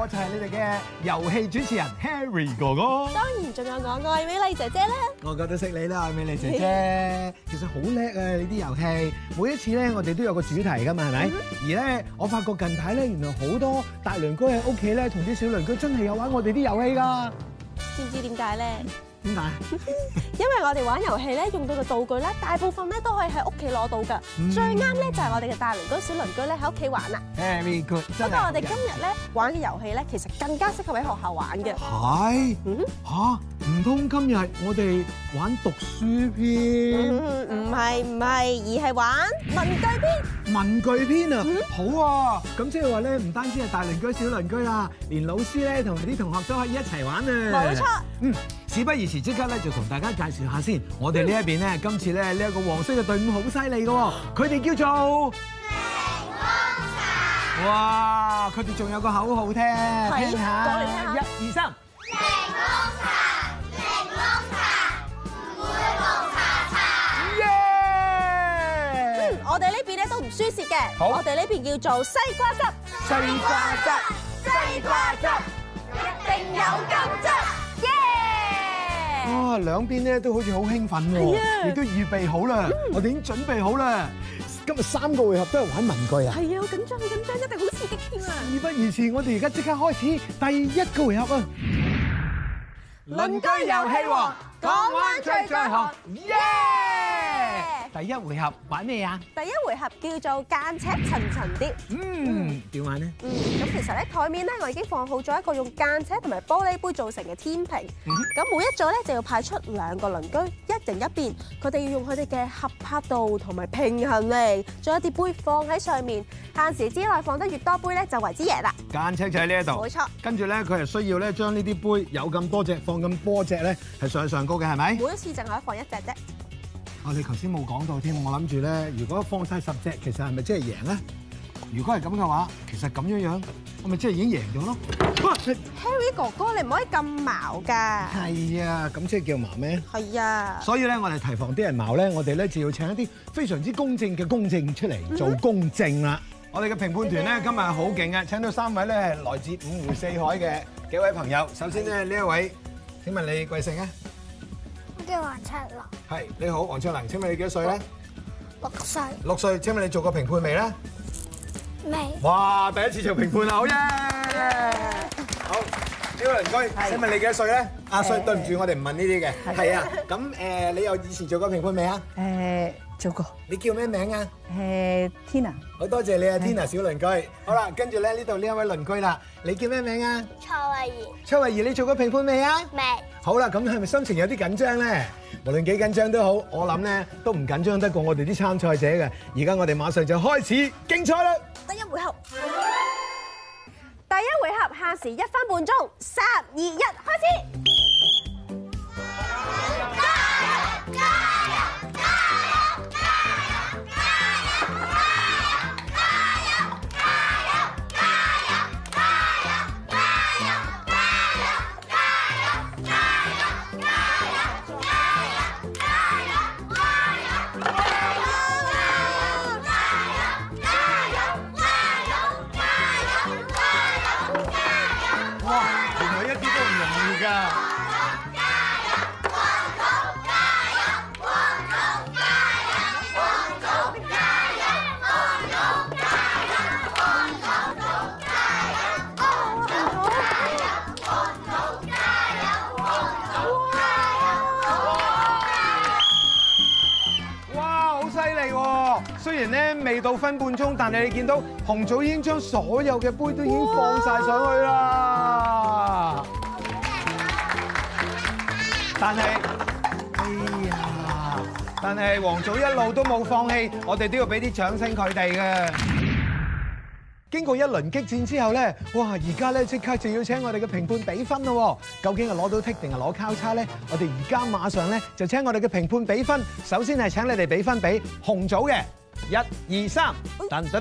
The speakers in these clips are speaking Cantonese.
我就係你哋嘅遊戲主持人 Harry 哥哥，當然仲有我愛美麗姐姐啦。我覺得識你啦，愛美麗姐姐， 其實好叻啊！呢啲遊戲每一次咧，我哋都有個主題噶嘛，係咪？ 而咧，我發覺近排咧，原來好多大鄰居喺屋企咧，同啲小鄰居真係有玩我哋啲遊戲㗎。知唔知點解咧？點解？為 因為我哋玩遊戲咧，用到嘅道具咧，大部分咧都可以喺屋企攞到噶。嗯、最啱咧就係我哋嘅大鄰居小鄰居咧喺屋企玩啊、嗯。very good。不過我哋今日咧玩嘅遊戲咧，其實更加適合喺學校玩嘅嗎。係。嗯。吓？唔通今日我哋玩讀書篇？唔係唔係，而係玩文具篇。文具篇啊！嗯、好啊！咁即係話咧，唔單止係大鄰居小鄰居啦，連老師咧同埋啲同學都可以一齊玩啊！冇錯。嗯。事不宜遲，即刻咧就同大家介紹下先。我哋呢一邊咧，今次咧呢一個黃色嘅隊伍好犀利嘅喎，佢哋叫做，檸檬茶。哇！佢哋仲有個口號聽，睇是下，一二三。檸檬茶，檸檬茶，檸檬茶，茶。耶 Yeah.！嗯，我哋呢邊咧都唔輸蝕嘅。好。我哋呢邊叫做西瓜汁。西瓜汁，西瓜汁，一定有甘汁。哇、哦！兩邊咧都好似好興奮喎，亦都是的 預備好啦，嗯、我哋已經準備好啦。今日三個回合都係玩文具啊！係啊，我緊張我緊張，一定好刺激添啊！事不宜遲，我哋而家即刻開始第一個回合啊！鄰居遊戲王，講緊最在行，最好耶！第一回合玩咩啊？第一回合叫做間尺層層疊。陳陳嗯，點玩呢？嗯，咁其實咧台面咧，我已經放好咗一個用間尺同埋玻璃杯做成嘅天平。咁、嗯、每一組咧就要派出兩個鄰居，一人一邊，佢哋要用佢哋嘅合拍度同埋平衡力，將一啲杯放喺上面，限時之內放得越多杯咧就為之贏啦。間尺就喺呢一度，冇錯。跟住咧，佢係需要咧將呢啲杯有咁多隻，放咁多隻咧係上去上高嘅，係咪？每一次淨係得放一隻啫。我哋頭先冇講到添，我諗住咧，如果放晒十隻，其實係咪即係贏咧？如果係咁嘅話，其實咁樣樣，我咪即係已經贏咗咯。Harry 哥哥，你唔可以咁矛㗎。係啊，咁即係叫矛咩？係啊。所以咧，我哋提防啲人矛咧，我哋咧就要請一啲非常之公正嘅公正出嚟做公正啦。我哋嘅評判團咧今日係好勁嘅，請到三位咧係來自五湖四海嘅幾位朋友。首先咧呢一位，請問你貴姓啊？叫王卓林，係你好，王卓林，請問你幾歲咧？六歲。六歲，請問你做過評判未咧？未。哇，第一次做評判啊，好啫！好，呢位鄰居，請問你幾歲咧？阿衰，對唔住，我哋唔問呢啲嘅，係啊。咁誒，你有以前做過評判未啊？誒。做過，你叫咩名啊？誒，uh，Tina。好多謝你啊，Tina 小鄰居。好啦，跟住咧呢度呢一位鄰居啦，你叫咩名啊？蔡慧怡。蔡慧怡，你做過評判未啊？未。好啦，咁係咪心情有啲緊張咧？無論幾緊張都好，我諗咧都唔緊張得過我哋啲參賽者嘅。而家我哋馬上就開始競賽啦。第一回合，第一回合，限時一分半鐘，三二一，開始。九分半鐘，但係你見到紅組已經將所有嘅杯都已經放晒上去啦。但係，哎呀，但係黃組一路都冇放棄，我哋都要俾啲掌聲佢哋嘅。經過一輪激戰之後咧，哇！而家咧即刻就要請我哋嘅評判比分咯。究竟係攞到剔定係攞交叉咧？我哋而家馬上咧就請我哋嘅評判比分。首先係請你哋比分俾紅組嘅。一二三，噔噔噔，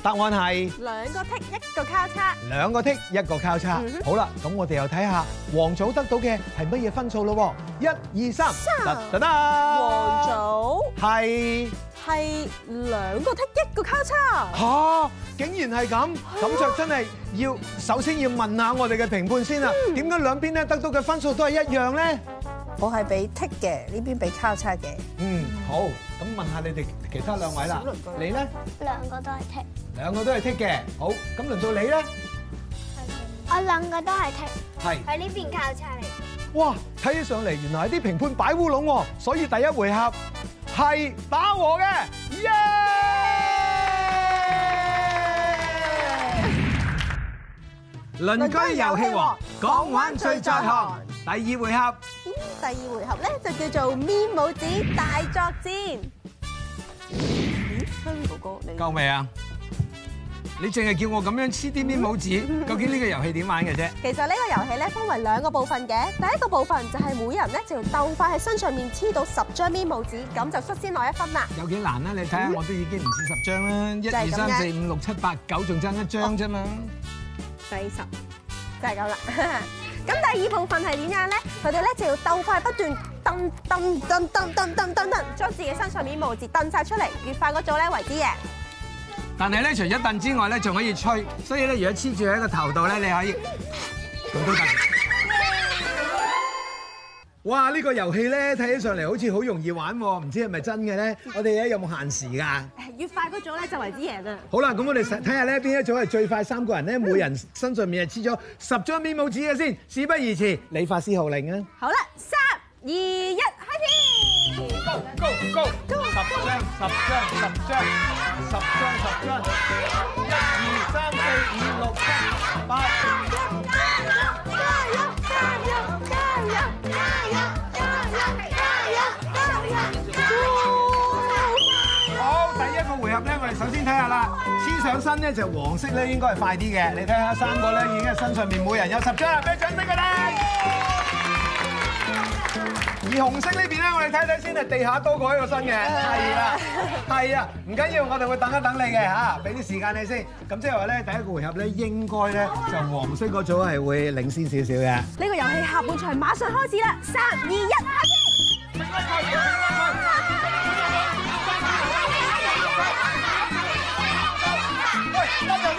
答案係兩個剔一個交叉，兩個剔一個交叉。好啦，咁我哋又睇下黃組得到嘅係乜嘢分數咯。一二三，噔噔噔，黃組係係兩個剔一個交叉，嚇，竟然係咁，咁就真係要首先要問下我哋嘅評判先啦。點解兩邊咧得到嘅分數都係一樣咧？我係俾 tick 嘅，呢邊俾交叉嘅。嗯，好，咁問下你哋其他兩位啦，你咧呢？兩個都係 tick。兩個都係 tick 嘅，好，咁輪到你咧。我兩個都係 tick。係是。喺呢邊交叉嚟。哇，睇起上嚟，原來係啲評判擺烏龍喎，所以第一回合係打和嘅，耶！鄰居遊戲王，講玩最在行。第二回合，第二回合咧就叫做 Memo 紙大作戰。香芋哥哥，你夠未啊？你淨係叫我咁樣黐啲 Memo 紙，究竟呢個遊戲點玩嘅啫？其實呢個遊戲咧分為兩個部分嘅，第一個部分就係每人咧就鬥快喺身上面黐到十張 Memo 紙，咁就率先攞一分啦。有幾難咧？你睇下我都已經唔止十張啦，一二三四五六七八九，仲爭一張啫嘛。第十就係咁啦。咁第二部分係點樣咧？佢哋咧就要鬥快不斷蹬蹬蹬蹬蹬蹬蹬，將自己身上面 Memo 紙蹬晒出嚟，越快嗰組咧為之贏。但係咧，除咗蹬之外咧，仲可以吹。所以咧，如果黐住喺個頭度咧，你可以。咁都得。哇！呢個遊戲咧睇起上嚟好似好容易玩喎，唔知係咪真嘅咧？我哋而家有冇限時㗎？越快嗰組咧就為之贏啦！好啦，咁我哋睇下咧邊一組係最快，三個人咧每人身上面係黐咗十張 Memo 紙嘅先。事不宜遲，你發施號令啊！好啦，三二一，開始！Go go go！十張，十張，十張，十張，十張，一、二、三、四、五、六、七、八、九、十！加油！睇下啦，黐上身咧就黃色咧應該係快啲嘅，你睇下三個咧已經身上面每人有十張啦，咩獎品㗎啦？而紅色呢邊咧，我哋睇睇先，係地下多過一個身嘅，係啦，係啊，唔緊要，我哋會等一等你嘅嚇，俾啲時間你先。咁即係話咧，第一個回合咧應該咧就黃色嗰組係會領先少少嘅。呢個遊戲下半場馬上開始啦，三二一，開始！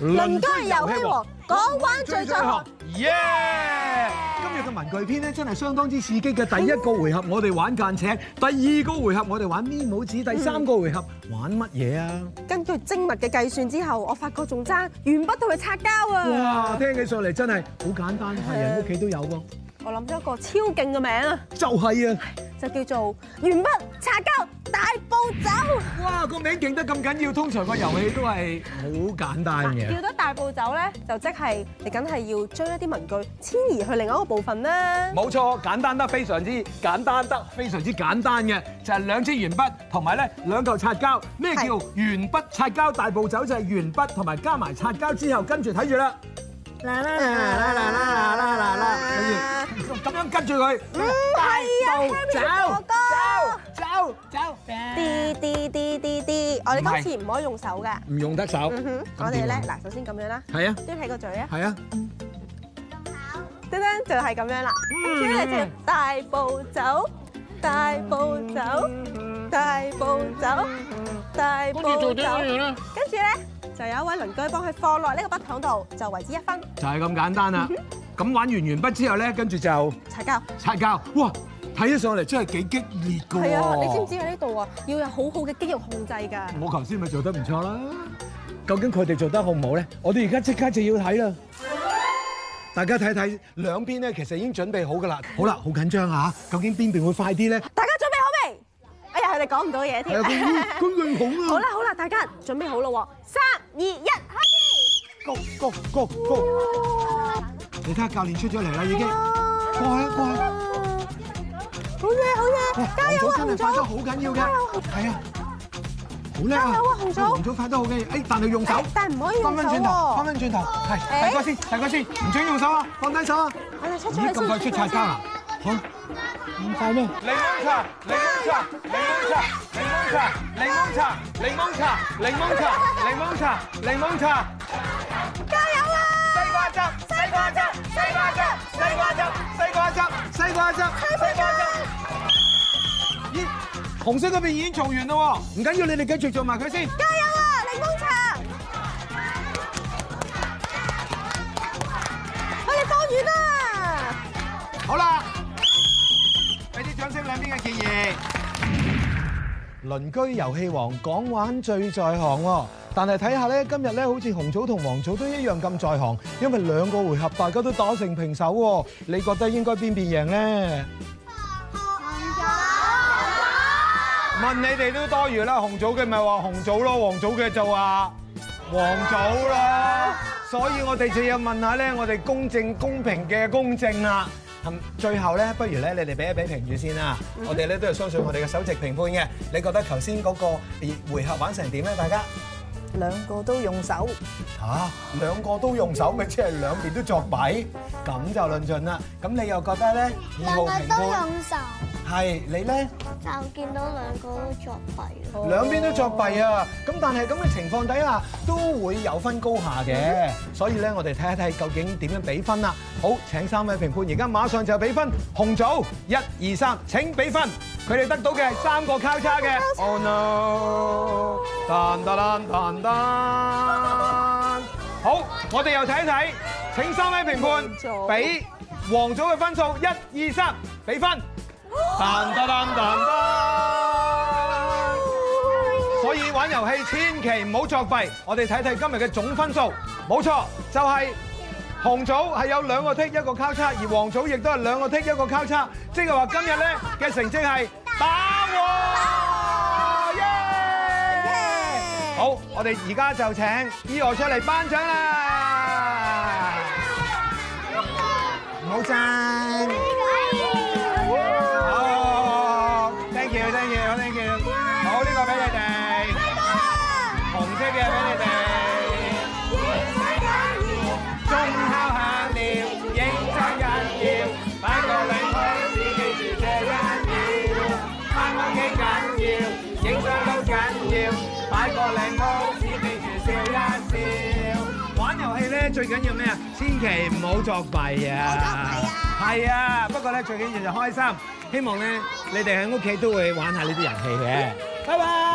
鄰居遊戲王，是港灣最在行，耶！Yeah. 今日嘅文具篇咧，真係相當之刺激嘅。第一個回合我哋玩間尺，Yeah. 第二個回合我哋玩 memo 紙，第三個回合玩乜嘢啊？根據精密嘅計算之後，我發覺仲爭鉛筆同佢擦膠啊！哇，聽起上嚟真係好簡單，係 Yeah. 人屋企都有噶。我諗咗一個超勁嘅名啊，就係啊，就叫做鉛筆擦膠。勁得咁緊要，通常個遊戲都係好簡單嘅。叫做大暴走咧，就即係你梗係要將一啲文具遷移去另一個部分啦。冇錯，簡單得非常之簡單得非常之簡單嘅，就係兩支鉛筆同埋咧兩嚿擦膠。咩叫鉛筆擦膠大暴走？就係鉛筆同埋加埋擦膠之後，跟住睇住啦，啦啦啦啦啦啦啦啦啦，跟住咁樣，跟住佢大暴走，走，走，走。我哋今次唔可以用手嘅，唔用得手。我哋咧，嗱，首先咁樣啦，嘟起個嘴啊，等等就係咁樣啦。跟住咧就大步走，大步走，大步走，大步走。跟住做啲乜嘢啊？跟住咧就有一位鄰居幫佢放落呢個筆筒度，就為之一分。就係咁簡單啦。咁玩完完筆之後咧，跟住就擦膠，擦膠。睇咗上嚟真係幾激烈噶～係啊，你知唔知喺呢度啊？要有好好嘅肌肉控制㗎。我頭先咪做得唔錯啦。究竟佢哋做得好唔好咧？我哋而家即刻就要睇啦。大家睇睇兩邊咧，其實已經準備好㗎啦。好啦，好緊張啊！究竟邊邊會快啲咧？大家準備好未？哎呀，佢哋講唔到嘢添。軍軍好啊！好啦好啦，大家準備好咯喎！三二一，開始！Go go, go, go, go. 哇 你睇下教練出咗嚟啦，已經過嚟啦哇，過嚟。過去好嘢好嘢，加油啊！紅組，紅組好緊要嘅，係啊，好叻啊！加油啊，紅組！紅組快得好嘅，哎，但係用手，但唔可以用手喎，翻翻轉頭，翻翻轉頭，係，大下先，等下先，唔准用手啊，放低手啊，而家咁快出菜家啦，好，唔塊咩？檸檬茶，檸檬茶，檸檬茶，檸檬茶，檸檬茶，檸檬茶，檸檬茶，檸檬茶。紅色嗰邊已經做完咯，唔緊要，你哋繼續做埋佢先。加油啊！檸檬茶我哋放完啦。好啦，俾啲掌聲兩邊嘅建議。鄰居遊戲王講玩最在行喎，但係睇下咧，今日咧好似紅組同黃組都一樣咁在行，因為兩個回合大家都打成平手喎，你覺得應該邊邊贏咧？問你哋都多餘啦，紅組嘅咪話紅組咯，黃組嘅就話黃組咯。所以我哋就要問下咧，我哋公正公平嘅公正啦。咁最後咧，不如咧，你哋俾一俾評語先啦。我哋咧都係相信我哋嘅首席評判嘅。你覺得頭先嗰個回合玩成點咧？大家兩個都用手嚇，兩個都用手，咪即係兩邊都作弊，咁就論盡啦。咁你又覺得咧？兩個都用手。係，你咧就見到兩個都作弊咯。兩邊都作弊啊！咁但係咁嘅情況底下，都會有分高下嘅。所以咧，我哋睇一睇究竟點樣比分啦。好，請三位評判，而家馬上就係比分。紅組一二三，請比分。佢哋得到嘅係三個交叉嘅。Oh no！彈彈彈彈。好，我哋又睇一睇。請三位評判比黃組嘅分數，一二三，比分。但得但得，所以玩遊戲千祈唔好作弊。我哋睇睇今日嘅總分數，冇錯就係紅組係有兩個剔，一個交叉，而黃組亦都係兩個剔，一個交叉。即係話今日咧嘅成績係打和耶！好，我哋而家就請依個出嚟頒獎啊！唔好爭。靚酷只記住笑一笑，玩遊戲咧最緊要咩啊？千祈唔好作弊啊！唔好作弊啊！係啊，不過咧最緊要就開心，希望咧心你哋喺屋企都會玩下呢啲遊戲嘅。拜拜。